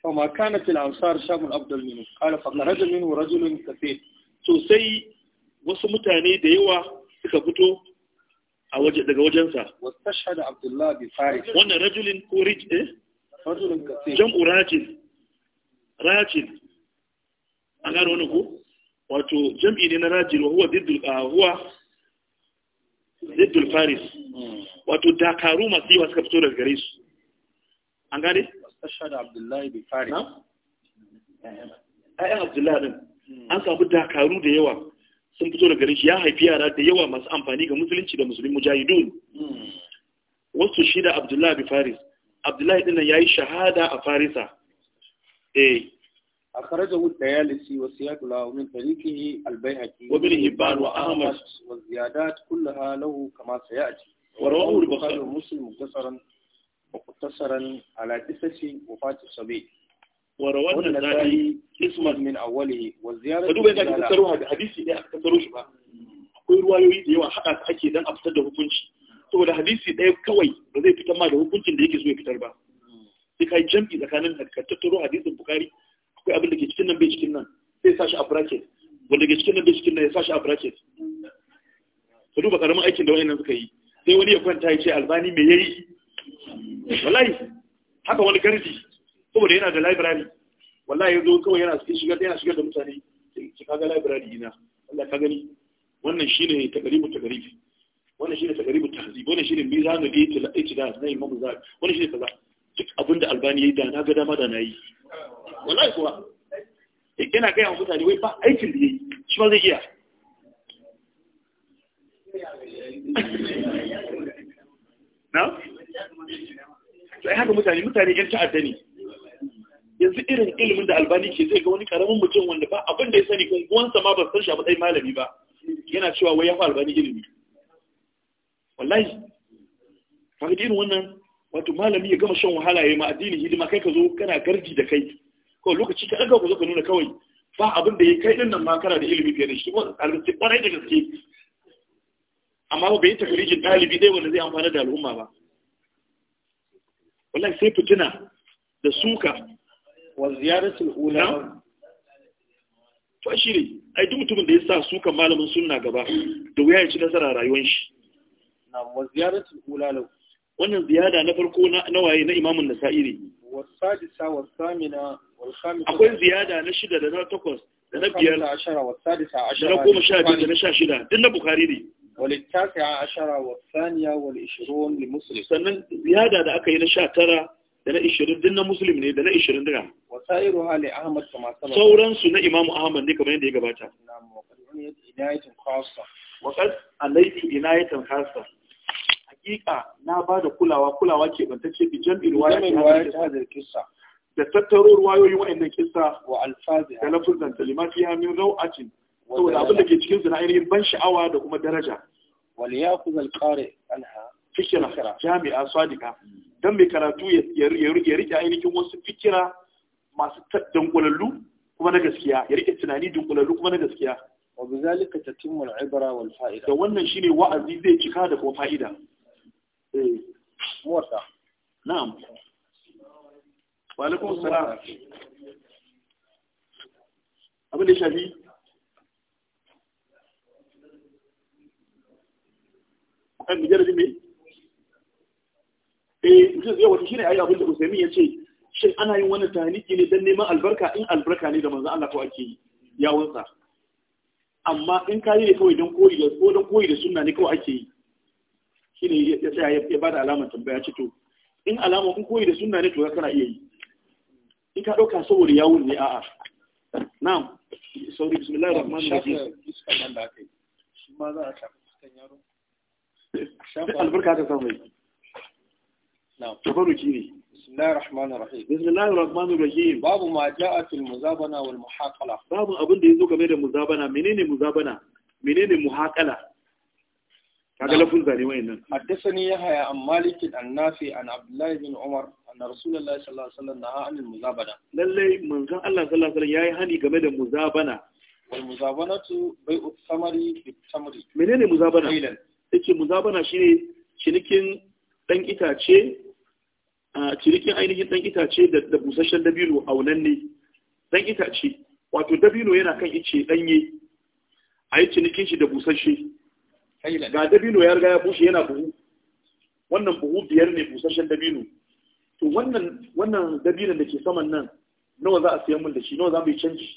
فما eh, ansar shamul abdul minu kala fa rajul minu rajulun كثير to sai wasu mutane da yawa suka fito a waje daga wajensa bi farid wannan rajulin ko rij eh rajulin kasir jam'u rajil rajil an gano wani ko wato jam'i ne na rajin wa huwa diddul ah, huwa diddul faris hmm. wato dakaru masu yawa suka fito daga gare su an gane wastashhada abdullah bi farid ayan abdullah abdullahi an samu dakaru da yawa sun fito daga rashi ya haifi yara da yawa masu amfani ga musulunci da musulun mujahidun wasu shi da abdullahi bi faris abdullahi dinnan ya yi shahada a farisa eh. a da wuta ya lisi wa siyadula wa min tarihi albayhaki wa bin hibban wa ahmad wa ziyadat kullu ha lahu kama sayati wa rawahu al-bukhari wa muslim muktasaran muktasaran ala qisasi wa fatih sabi وروى النسائي اسما من اوله وزياره فدوبا da aka da hadisi ɗaya aka tattaro shi ba akwai ruwayoyi da yawa hada su ake dan a fitar da hukunci saboda hadisi ɗaya kawai ba zai fitar ma da hukuncin da yake so ya fitar ba sai kai jam'i tsakanin ka tattaro hadisin bukari akwai abin da ke cikin nan bai cikin nan sai sashi a bracket wanda ke cikin nan bai cikin nan ya sashi a bracket ka duba karamin aikin da wayannan suka yi sai wani ya kwanta ya ce albani me yayi wallahi haka wani garji. saboda yana da library wallahi yanzu kawai yana cikin shigar yana shigar da mutane ki kaga library ina Allah ka gani wannan shine takaribu takarifi wannan shine takaribu tahzib wannan shine mizanu da itidal na mamu zabi wannan shine kaza duk abinda albani yayi da na ga dama da nayi wallahi kuwa yana kai wa mutane wai ba aikin da yayi shi ba zai iya na sai haka mutane mutane yan ta'adda ne yanzu irin ilimin da albani ke zai ga wani karamin mutum wanda ba abin da ya sani gunguwansa ma ba san shi a matsayin malami ba yana cewa wai ya fi albani ilimi wallahi kaga irin wannan wato malami ya gama shan wahala ya ma addini hidima kai ka zo kana garji da kai kawai lokaci ka ɗaga ku zo ka nuna kawai ba abin da ya kai ɗin nan ma kana da ilimi fiye da shi kuma alƙarfi ƙwarai da gaske amma ba bai takarijin ɗalibi ɗaya wanda zai amfana da al'umma ba wallahi sai fitina da suka wa ziyaratul shi ne ai duk mutumin da ya sa su kan malamin sunna gaba da wuya ya ci nasara a rayuwar shi wannan ziyada na farko na waye na imamun nasa'iri akwai ziyada na shida da na takwas da na biyar da na goma sha da na sha na ne sannan da aka yi na sha tara da na 20 din na muslim ne da na 20 dira wasairu hali ahmad sama sauran su na imam ahmad ne kamar yadda ya gabata na'am wa inayatan hakika na ba da kulawa kulawa ke bantacce bi jam'i riwayat hadhihi kissa da tattaro ruwayoyin wa'annan kissa wa alfazi da lafuzan kalimati ya min raw'atin saboda abin da ke cikin su na ainihin ban sha'awa da kuma daraja wal yaqul al qari anha fikra jami'a sadiqa don mai karatu ya rike ainihin wasu fikira masu dunkulallu kuma na gaskiya ya rike tunani dunkulallu kuma na gaskiya wa bi zalika tatimmu al-ibra wal fa'ida da wannan shine wa'azi zai cika da kuma fa'ida eh na'am wa alaikum assalam abin da shafi kan eh mutum zai wato abin da Usaimin ya ce shin ana yin wannan tahniki ne don neman albarka in albarka ne da manzon Allah kawai ake yi yawon sa amma in ka yi ne kawai don koyi da ko don koyi da sunna ne kawai ake yi shine ya tsaya ya bada alamar tambaya ce to in alama kun koyi da sunna ne to kana iya yi in ka dauka saboda yawon ne a'a na'am sauri bismillahir rahmanir rahim shi ma za a shafa cikin yaro [laughs] albarka ta samu نعم تبرجي بسم الله الرحمن الرحيم بسم الله الرحمن الرحيم باب ما جاء في المزابنة والمحاقلة باب أبن دي زوكا ميدا مزابنة منين مزابنة منين محاقلة kaga lafin zane wayannan haddathani yahya an malik an nafi an bin umar anna rasulullah sallallahu alaihi wasallam naha anil muzabana lalle manzon Allah sallallahu alaihi wasallam hani game da muzabana wal muzabanatu bai'u samari bit tamri menene muzabana yace muzabana shine cinikin ɗan itace a cirikin ainihin dan itace da busasshen dabino a wannan ne dan itace wato dabino yana kan ice danye a yi cinikin shi da busasshe ga dabino ya riga ya bushe yana buhu wannan buhu biyar ne busasshen dabino to wannan wannan da ke saman nan nawa za a siyan mun da shi nawa za mu yi canji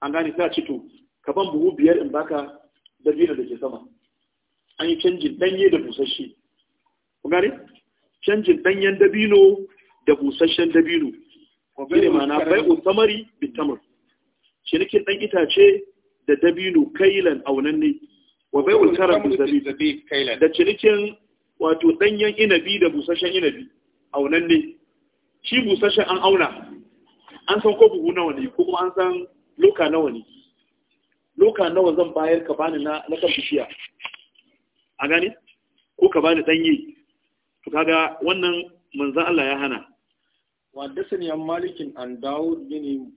an gane ta ce to ka ban buhu biyar in baka dabino da ke sama an yi canjin danye da busasshe ku gane canjin danyen dabino da busasshen dabino shine ma'ana bai utamari bitamar cinikin dan itace da dabino kailan aunanne wa bai ulkarar bizabi da cinikin wato danyen inabi da busasshen inabi aunanne shi busasshen an auna an san ko buhu nawa ne ko kuma an san loka nawa ne loka nawa zan bayar ka bani na na kan bishiya a gane ko ka bani danye kaga wannan manzo Allah ya hana wa dasani an malikin an dawud gini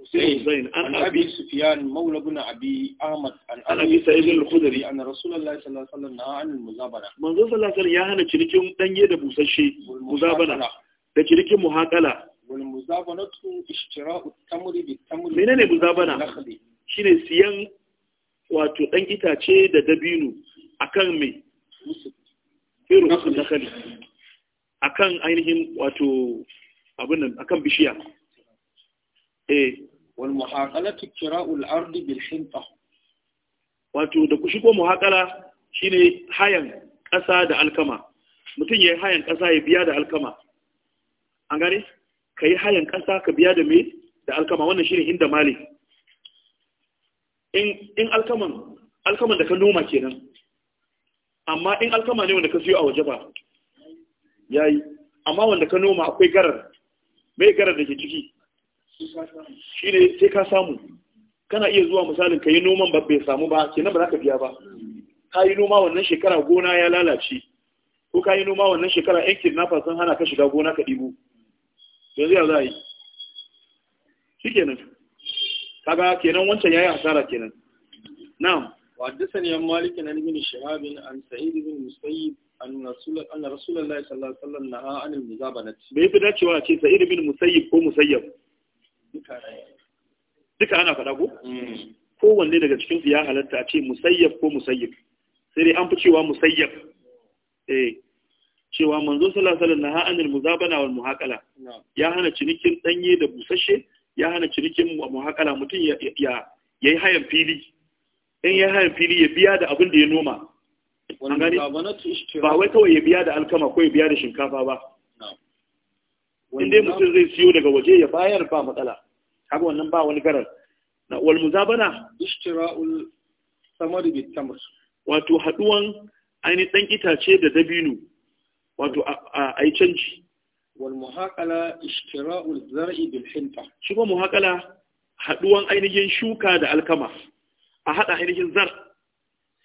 Hussein an Abi Sufyan Mawla ibn Abi Ahmad an Abi Sa'id al-Khudri an Rasulullahi sallallahu alaihi wasallam anil sallallahu alaihi ya hana cinikin danye da busasshe da cinikin muhakala. wal ishtira'u tamri bi tamri menene muzabana shine siyan wato dan itace da dabino akan me irin hasun a kan ainihin wato a kan bishiya eh wal muhaqalatu kira'ul ardi bil hinta wato da kushi ko shi shine hayan ƙasa da alkama mutum ya yi hayan ƙasa ya biya da alkama an gane yi hayan ƙasa ka biya da me da alkama wannan shine inda mali in in alkaman alkaman da ka noma kenan amma in alkama ne wanda ka siyo a waje ba yayi amma wanda ka noma akwai garar mai garar da ke ciki Shi ne sai ka samu kana iya zuwa misalin ka yi noman babbe samu ba kenan ba za ka biya ba ka yi noma wannan shekara gona ya lalace ko ka yi noma wannan shekara yan kidnapper sun hana ka shiga gona ka ɗibo yanzu ya za a yi shi kenan kaga kenan wancan ya yi hasara kenan na'am وحدثني عن مالك عن ابن شهاب عن سعيد بن مسيب ان رسول ان رسول الله صلى الله عليه وسلم نهى عن المزابنة. بيت داتي شو أشي سعيد بن مسيب هو مسيب. duka ana faɗa ko mm. kowanne daga su ya halatta a ce musayyaf ko musayyab sai dai an fi cewa musayyab eh cewa manzo sallallahu alaihi wasallam naha anil muzabana wal muhaqala ya hana cinikin danye da busasshe ya hana cinikin muhaqala mutum ya yayi hayan fili in ya hayan fili ya biya da abin da ya noma ba wai kawai ya biya da alkama ko ya biya da shinkafa ba inda mutum zai siyo daga waje ya bayar ba matsala haka wannan ba wani garar na walmuzabana ishtira'ul samari bi tamr wato haduwan ainihin dan itace da dabino wato a yi canji walmuhaqala ishtira'ul zar'i bil hinta shi ba muhaqala haduwan ainihin shuka da alkama a haɗa ainihin zar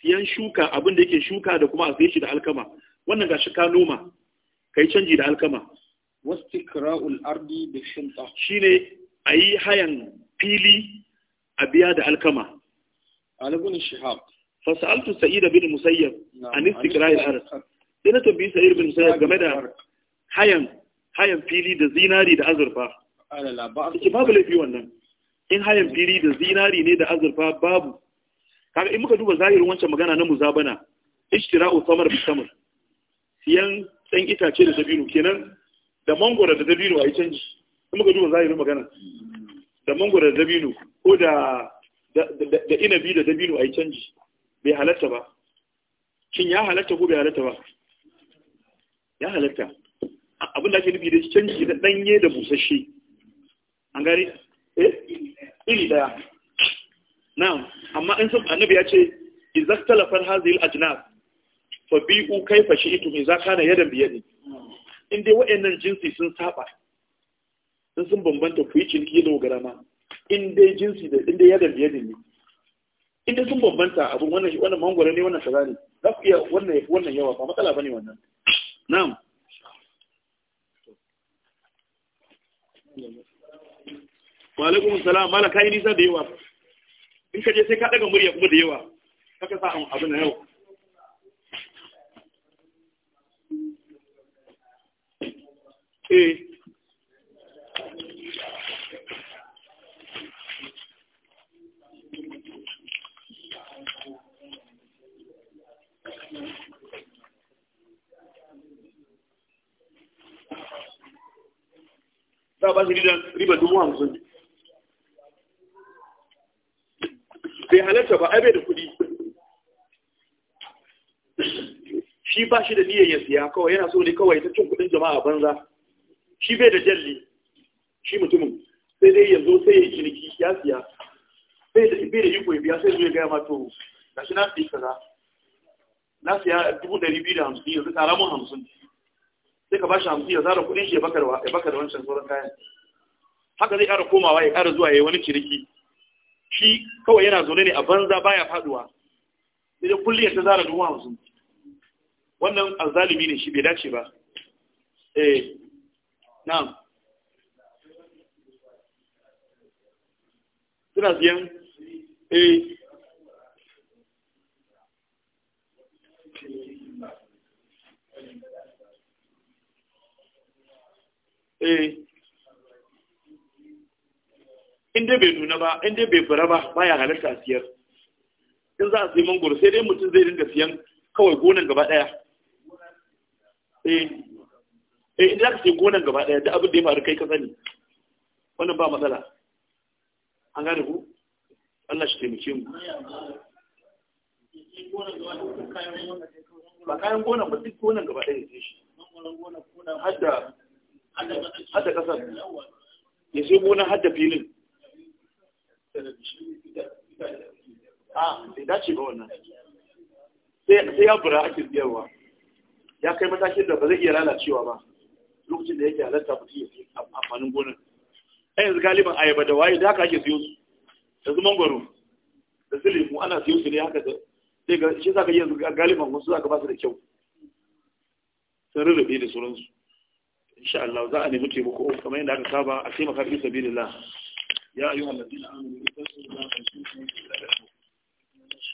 siyan shuka abin da yake shuka da kuma a siye shi da alkama wannan ga shi ka noma ka yi canji da alkama Wasu wastikra'ul ardi da shinta shine a yi hayan fili a biya da alkama alibun shihab fasa'altu sa'id bin a an istikra'il ard sai na tambayi sa'id bin Musayyar game da hayan hayan fili da zinari da azurfa ala babu laifi wannan in hayan fili da zinari ne da azurfa babu kaga in muka duba zahirin wancan magana na muzabana ishtira'u samar bi samar siyan ɗan itace da dabino kenan da mangoro da dabino a yi canji in muka duba zahirin magana da mangoro da dabino ko da da inabi da dabino a yi canji bai halatta ba shin ya halatta ko bai halatta ba ya halatta abin da ake nufi da canji da danye da busasshe an gari eh iri daya na'am amma in sun annabi ya ce idza talafar hadhihi al kai fa bi'u kayfa shi'tum idza kana yadan bi in dai wayannan jinsi sun saba sun sun bambanta ku yi ciniki da garama in dai jinsi da in dai yadan bi ne in dai sun bambanta abun wannan wannan mangwara ne wannan kaza ne za ku iya wannan wannan yawa ba matsala bane wannan na'am wa alaikumussalam, salam mala kai nisa da yawa in ka je sai ka daga murya kuma da yawa kaka sa abin eh. da yau Ta ba shi riba dubu hamsin bai halarta ba abai bai da kuɗi shi ba shi da niyyar ya siya kawai yana so ne kawai ta cin kuɗin jama'a banza shi bai da jalli shi mutumin sai dai yanzu sai ya yi ciniki ya siya Sai da ibe da iko ya biya sai zai gaya ma to shi na siya kaza na siya dubu ɗari biyu da hamsin yanzu tara mun hamsin sai ka bashi hamsin ya zara kudin shi ya baka da wancan sauran kayan haka zai ƙara komawa ya ƙara zuwa ya yi wani ciniki shi kawai yana zaune ne a banza baya faduwa sai da kulli ya ta zara duwa hamsin wannan azalimi ne shi bai dace ba eh na'am suna ziyan eh eh inda bai nuna ba inda bai fara ba baya halarta a siyar in za a sai mangoro sai dai mutum zai dinga siyan kawai gonan gaba daya eh eh idan ka sai gonan gaba daya da abin da ya faru kai ka sani wannan ba matsala an gane ku Allah shi taimake mu ba kayan gonan ba duk gonan gaba daya ne shi hadda hadda kasar ya sai gonan hadda filin Ah, bai dace ba wannan sai ya bura ake biyarwa ya kai matakin da ba zai iya lalacewa ba lokacin da yake halatta mutum ya fi amfanin gonar a yanzu galiban ayaba da waye da haka ake siyo su da su mangwaro da su lemu ana siyo su ne haka da sai ga shi zaka yanzu galiban wasu zaka ba su da kyau sun rarrabe da sauransu insha Allah za a nemi taimako kamar yadda aka saba a taimaka fi sabilillah يا أيها الذين آمنوا اتقوا الله حق تقاته ولا وكونوا